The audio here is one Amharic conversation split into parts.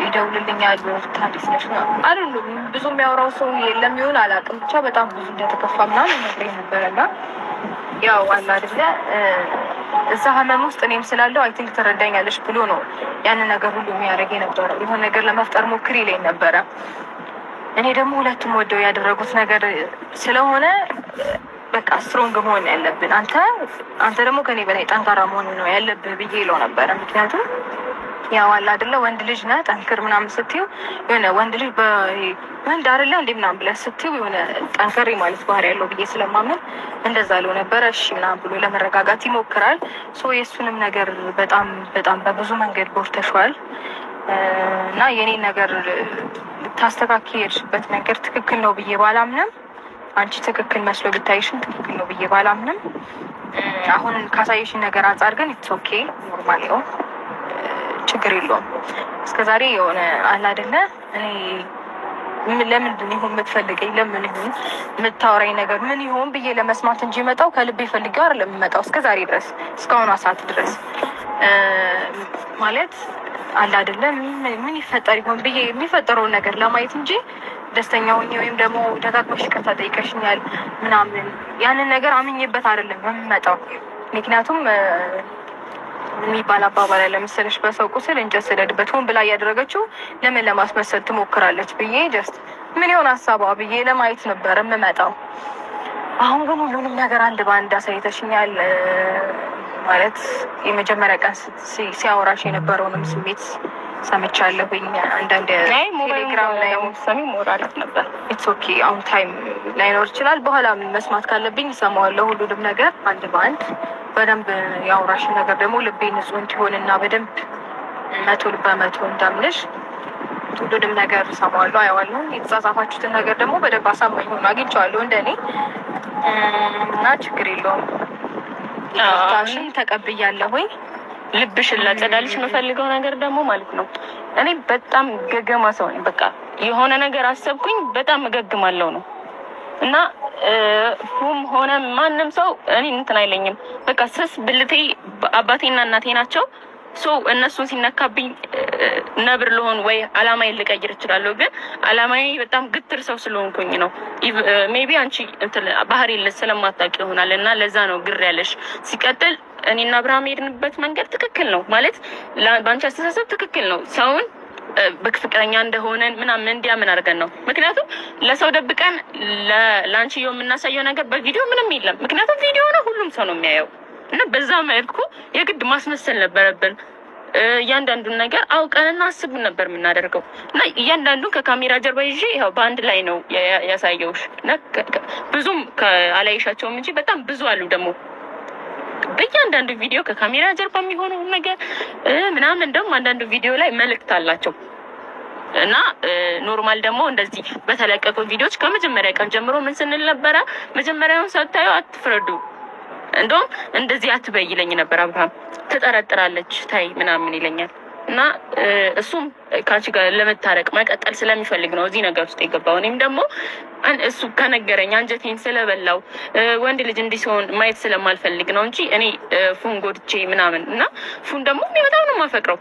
ይደውልልኛል ታዲስ ነች አይደሉ ብዙ የሚያወራው ሰው የለም ይሆን አላውቅም። ብቻ በጣም ብዙ እንደተከፋ ምናምን ነግሬ ነበር እና ያው አላ አደለ እዛ ህመም ውስጥ እኔም ስላለው አይ ቲንክ ትረዳኛለች ብሎ ነው ያንን ነገር ሁሉ የሚያደርግ ነበረ። የሆነ ነገር ለመፍጠር ሞክር ይለኝ ነበረ። እኔ ደግሞ ሁለቱም ወደው ያደረጉት ነገር ስለሆነ በቃ ስትሮንግ መሆን ያለብን አንተ አንተ ደግሞ ከኔ በላይ ጠንካራ መሆን ነው ያለብህ ብዬ ይለው ነበረ ምክንያቱም ያው አለ አይደለ ወንድ ልጅ ነህ ጠንክር ምናምን ስትይው የሆነ ወንድ ልጅ ወንድ አይደለ እንዴ ምናምን ብለህ ስትይው የሆነ ጠንከሬ ማለት ባህሪ ያለው ብዬ ስለማመን እንደዛ ለው ነበረ። እሺ ምናምን ብሎ ለመረጋጋት ይሞክራል። ሶ የእሱንም ነገር በጣም በጣም በብዙ መንገድ ቦርተሸዋል እና የኔን ነገር ታስተካኪ የሄድሽበት መንገድ ትክክል ነው ብዬ ባላምንም አንቺ ትክክል መስሎ ብታይሽን ትክክል ነው ብዬ ባላምንም አሁን ካሳየሽን ነገር አንጻር ግን ኢትስ ኦኬ ኖርማል ነው። ችግር የለውም። እስከዛሬ የሆነ አለ አይደለ እኔ ለምንድን ይሆን የምትፈልገኝ ለምን ይሆን የምታወራኝ ነገር ምን ይሆን ብዬ ለመስማት እንጂ መጣው ከልብ ፈልጌው አር ለምመጣው እስከ ዛሬ ድረስ እስካሁኑ ሰዓት ድረስ ማለት አለ አይደለ ምን ይፈጠር ይሆን ብዬ የሚፈጠረውን ነገር ለማየት እንጂ ደስተኛ ሆኜ ወይም ደግሞ ደጋግመሽ ይቅርታ ጠይቀሽኛል ምናምን ያንን ነገር አምኜበት አይደለም የምመጣው ምክንያቱም የሚባል አባባል አለ መሰለሽ። በሰው ቁስል እንጨት ስደድበት ሆን ብላ እያደረገችው ለምን ለማስመሰል ትሞክራለች ብዬ ጀስት ምን ይሆን ሀሳቧ ብዬ ለማየት ነበር የምመጣው። አሁን ግን ሁሉንም ነገር አንድ በአንድ አሳይተሽኛል። ማለት የመጀመሪያ ቀን ሲያወራሽ የነበረውንም ስሜት ሰምቻለሁኝ አንዳንድ ቴሌግራም ላይ ሰሚ ሞራሪት ነበር። ኢትስ ኦኬ አሁን ታይም ላይኖር ይችላል። በኋላ መስማት ካለብኝ እሰማዋለሁ። ሁሉንም ነገር አንድ በአንድ በደንብ የአውራሽን ነገር ደግሞ ልቤ ንጹህ እንዲሆንና በደንብ መቶ በመቶ እንዳምንሽ ሁሉንም ነገር እሰማዋለሁ፣ አየዋለሁ። የተጻጻፋችሁትን ነገር ደግሞ በደንብ አሳማኝ ሆኖ አግኝቼዋለሁ እንደኔ እና ችግር የለውም። ታሽን ተቀብያለሁኝ። ልብሽን ላጸዳልሽ የምፈልገው ነገር ደግሞ ማለት ነው እኔ በጣም ገገማ ሰው ነኝ። በቃ የሆነ ነገር አሰብኩኝ በጣም እገግማለሁ ነው እና ሁም ሆነ ማንም ሰው እኔ እንትን አይለኝም። በቃ ስስ ብልቴ አባቴና እናቴ ናቸው። ሶ እነሱን ሲነካብኝ ነብር ልሆን ወይ አላማዊ ልቀይር እችላለሁ። ግን አላማዬ በጣም ግትር ሰው ስለሆንኩኝ ነው። ሜቢ አንቺ ባህሪ ስለማታውቂ ይሆናል እና ለዛ ነው ግር ያለሽ። ሲቀጥል እኔና አብርሃም የሄድንበት መንገድ ትክክል ነው ማለት በአንቺ አስተሳሰብ ትክክል ነው። ሰውን በፍቅረኛ እንደሆነን ምናምን እንዲያምን አድርገን ነው። ምክንያቱም ለሰው ደብቀን ለአንቺየው የምናሳየው ነገር በቪዲዮ ምንም የለም። ምክንያቱም ቪዲዮ ነው፣ ሁሉም ሰው ነው የሚያየው እና በዛ መልኩ የግድ ማስመሰል ነበረብን። እያንዳንዱን ነገር አውቀንና አስቡን ነበር የምናደርገው እና እያንዳንዱን ከካሜራ ጀርባ ይዤ ይኸው በአንድ ላይ ነው ያሳየውሽ። ብዙም አላይሻቸውም እንጂ በጣም ብዙ አሉ ደግሞ በእያንዳንዱ ቪዲዮ ከካሜራ ጀርባ የሚሆነውን ነገር ምናምን ደግሞ አንዳንዱ ቪዲዮ ላይ መልእክት አላቸው እና ኖርማል ደግሞ እንደዚህ በተለቀቁ ቪዲዮዎች ከመጀመሪያ ቀን ጀምሮ ምን ስንል ነበረ? መጀመሪያውን ሰታዩ አትፍረዱ፣ እንደውም እንደዚህ አትበይ ይለኝ ነበር አብርሃም። ትጠረጥራለች ታይ ምናምን ይለኛል። እና እሱም ከአንቺ ጋር ለመታረቅ መቀጠል ስለሚፈልግ ነው እዚህ ነገር ውስጥ የገባው። እኔም ደግሞ እሱ ከነገረኝ አንጀቴን ስለበላው ወንድ ልጅ እንዲህ ሲሆን ማየት ስለማልፈልግ ነው እንጂ እኔ ፉን ጎድቼ ምናምን እና ፉን ደግሞ እኔ በጣም ነው የማፈቅረው።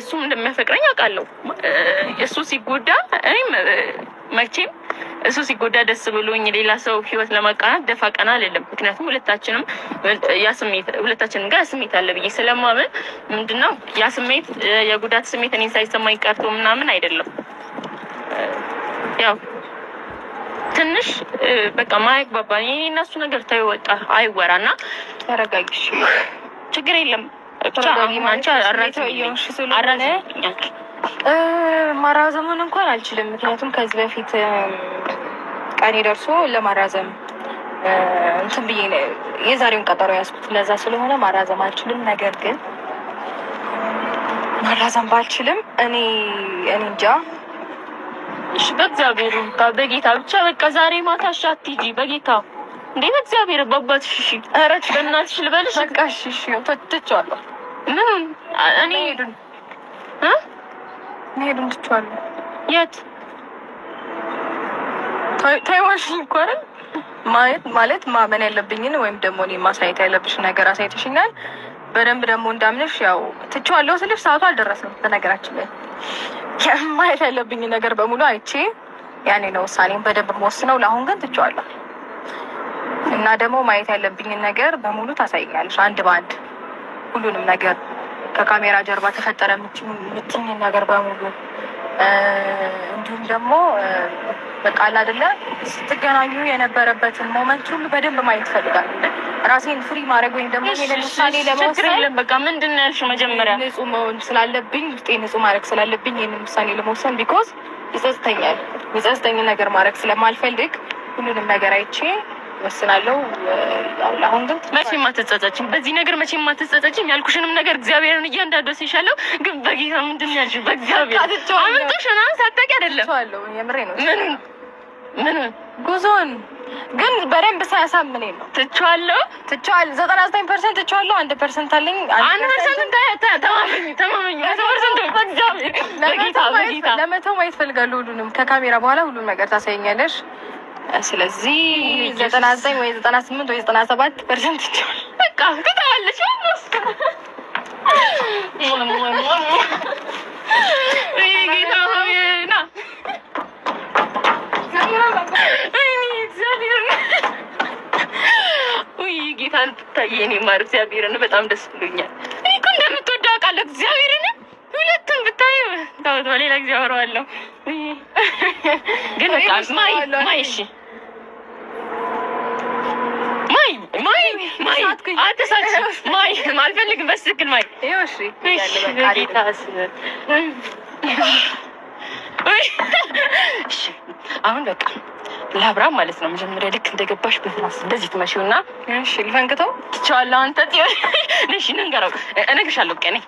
እሱም እንደሚያፈቅረኝ አውቃለሁ። እሱ ሲጎዳ እኔም መቼም እሱ ሲጎዳ ደስ ብሎኝ ሌላ ሰው ህይወት ለማቃናት ደፋ ቀና አይደለም። ምክንያቱም ሁለታችንም ሁለታችንም ጋር ስሜት አለ ብዬ ስለማምን ምንድነው ያ ስሜት የጉዳት ስሜት እኔን ሳይሰማኝ ቀርቶ ምናምን አይደለም። ያው ትንሽ በቃ ማያግባባ እነሱ ነገር ወጣ አይወራ እና ተረጋጊሽ፣ ችግር የለም ብቻ አሁን አንቺ ማራዘሙን እንኳን አልችልም። ምክንያቱም ከዚህ በፊት ቀኔ ደርሶ ለማራዘም እንትን ብዬ የዛሬውን ቀጠሮ ያስኩት ለዛ ስለሆነ ማራዘም አልችልም። ነገር ግን ማራዘም ባልችልም እኔ እኔ እንጃ በእግዚአብሔር በጌታ ብቻ በቃ ዛሬ ማታ እሺ፣ አትሂጂ በጌታ እንዴ፣ በእግዚአብሔር በባት እሺ፣ ኧረ በእናትሽ ልበልሽ። በቃ እሺ፣ እሺ፣ ምን እኔ ሄዱን መሄድ እንትችዋለን። የት ታይዋሽኝ እኮ አይደል? ማየት ማለት ማመን ያለብኝን ወይም ደግሞ እኔ ማሳየት ያለብሽ ነገር አሳይተሽኛል። በደንብ ደግሞ እንዳምንሽ ያው ትችዋለሁ ስልሽ ሰዓቱ አልደረስም። በነገራችን ላይ ማየት ያለብኝን ነገር በሙሉ አይቼ ያኔ ነው ውሳኔን በደንብ መወስነው። ለአሁን ግን ትችዋለሁ እና ደግሞ ማየት ያለብኝን ነገር በሙሉ ታሳይኛለሽ፣ አንድ በአንድ ሁሉንም ነገር ከካሜራ ጀርባ ተፈጠረ የምትኝ ነገር በሙሉ እንዲሁም ደግሞ በቃል አደለ ስትገናኙ የነበረበትን ሞመንት ሁሉ በደንብ ማየት ይፈልጋል። ራሴን ፍሪ ማድረግ ወይም ደግሞ ለምሳሌ ለመወሰን በቃ ምንድን ነው ያልሽው መጀመሪያ ንጹህ መሆን ስላለብኝ ውስጤ ንጹህ ማድረግ ስላለብኝ ይህን ውሳኔ ለመውሰን ቢኮዝ ይጸጽተኛል። የሚጸጽተኝን ነገር ማድረግ ስለማልፈልግ ሁሉንም ነገር አይቼ ወስናለሁ። አሁን ግን መቼም አትጸጸችም፣ በዚህ ነገር መቼም አትጸጸችም። ያልኩሽንም ነገር እግዚአብሔርን እያንዳንዱ ሲሻለው ግን በጌታ ምንድን ነው ያልሽው? በእግዚአብሔር አምንቶሽ ምናምን ሳታውቂ አይደለም። ምንም ምን ጉዞን ግን በደንብ ሳያሳምነኝ ነው ትቼዋለሁ። ትቼዋለሁ፣ ዘጠና ዘጠኝ ፐርሰንት ትቼዋለሁ። አንድ ፐርሰንት አለኝ። አንድ ፐርሰንት ተማመኝ፣ ተማመኝ። ለመተው ማየት እፈልጋለሁ ሁሉንም። ከካሜራ በኋላ ሁሉን ነገር ታሳየኛለሽ። ስለዚህ ዘጠና ዘጠኝ ወይ ዘጠና ስምንት ወይ ዘጠና ሰባት ፐርሰንት ይችላል። በቃ ትጠዋለች። ጌታ ልትታየ ማር እግዚአብሔርን በጣም ደስ ብሎኛል። እኔ እኮ እንደምትወደው አውቃለሁ። እግዚአብሔርን ሁለቱም ብታይ ታወት ሌላ እግዚአብሔር አወራዋለሁ ግን በቃ ማይ ማይ እሺ አልፈልግም። በስትክል ማይ አሁን በቃ ለአብርሃም ማለት ነው። መጀመሪያ ልክ እንደገባሽ በፍራስ እንደዚህ ትመጪው እና ልፈንክተው ትችዋለህ አንተ ነሽ፣ ንንገረው እነግርሻለሁ ቀኔ